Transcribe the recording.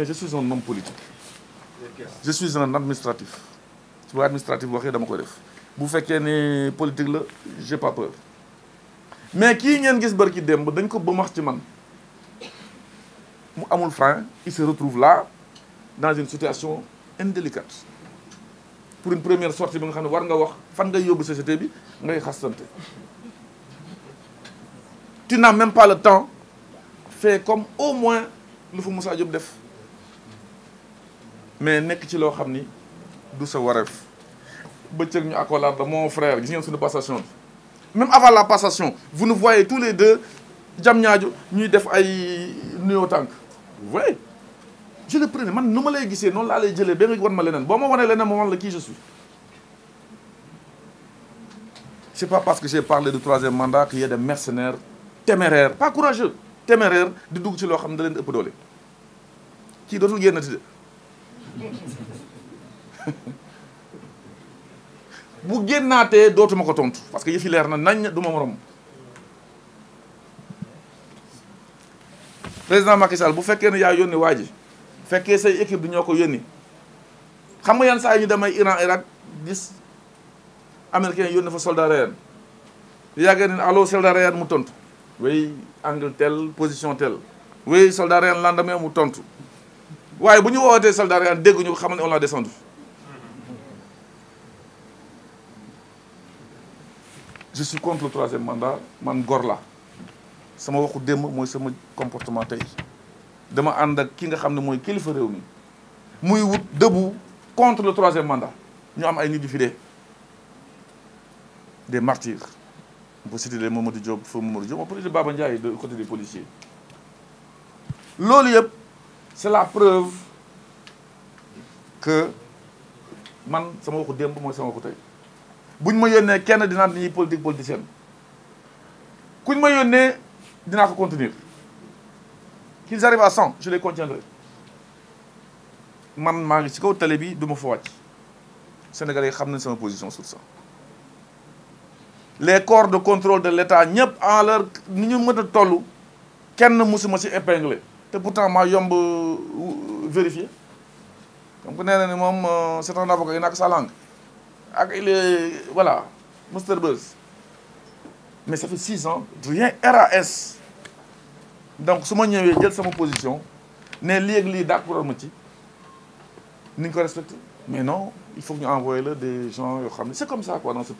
mais je suis un homme politique je suis un administratif su ma administratif waxee dama ko def bu fekkee ne politique la j'ai pas peur mais kii ngeen gis barki démb dañ ko ba wax ci man mu amul frein il se retrouve là dans une situation indélicate pour une première sortie bi nga xam ne war nga wax fan ngay yóbbu société bi ngay xastante tu n'as même pas le temps fait comme au moins lu fa Moussa Diop def mais nekk ci loo xam ni du sa wareef bëccëg ñu accolade la mon frère gis ngeen suñu passation bi même avant la passation vous nous voyez tous les deux jam ñaaju ñuy def ay nuyoo tànk oui je le prenais man nu ma lay gisee noonu laa lay jëlee ba nga wan ma leneen boo ma wanee leneen ma wan la qui je suis c'est pas parce que j'ai parlé du troisième mandat qu'il y a des mercenaires téméraires pas courageux téméraires di dugg ci loo xam ne da leen ëpp doole kii dootul bu génnaatee dootuma ko tontu parce que yëfi leer na nañ du ma morom président Macky bu fekkee ne yaa yónni waa ji fekkee say équipe du ñoo ko yónni xam nga yan saa yi ñu demay Iran Irak gis américain yónni fa soldat Rayane yàggee ne allo soldat Rayane mu tontu. oui angle tel position tel oui soldat Rayane lendemain mu tontu. waaye bu ñu woowatee soldat dégg dégguñu ko xamal ne on l'a descendu je suis man gor la sama waxu démb mooy sama comportement tey dama ànd ak ki nga xam ne mooy kilifa réew mi muy wut debout contre le troisième mandat ñu am ay nit yu fi dee des martyrs on peut citer les Mamadou Diop feu Mamadou Diop on peut citer Baba Ndiaye de côté des policiers loolu yëpp c'est la preuve que man sama waxu démb mooy sama waxu tey buñ ma ne kenn dinaa dañuy politique politicienne kuñ ma yónnee dinaa ko contenir qu'ils arrivent à cent je les contiendrai man maa ngi ci kaw télé bi du ma fa wàcc Sénégalais xam na sama position sur ça les corps de contrôle de l'État ñëpp en leur nu ñu mën a toll kenn mësuma si épinglé te pourtant maa yomb euh, vérifier donc nee na ni moom euh, c'est un avocat il sa langue ak il est voilà Mister Buzz mais ça fait six ans rien RAS donc su ma ñëwee jël sama position ne lii ak lii d'accord ma ci ni ñu ko respecté mais non il faut que ñu envoyer la des gens yoo xam ne se comme ça quoi dans ce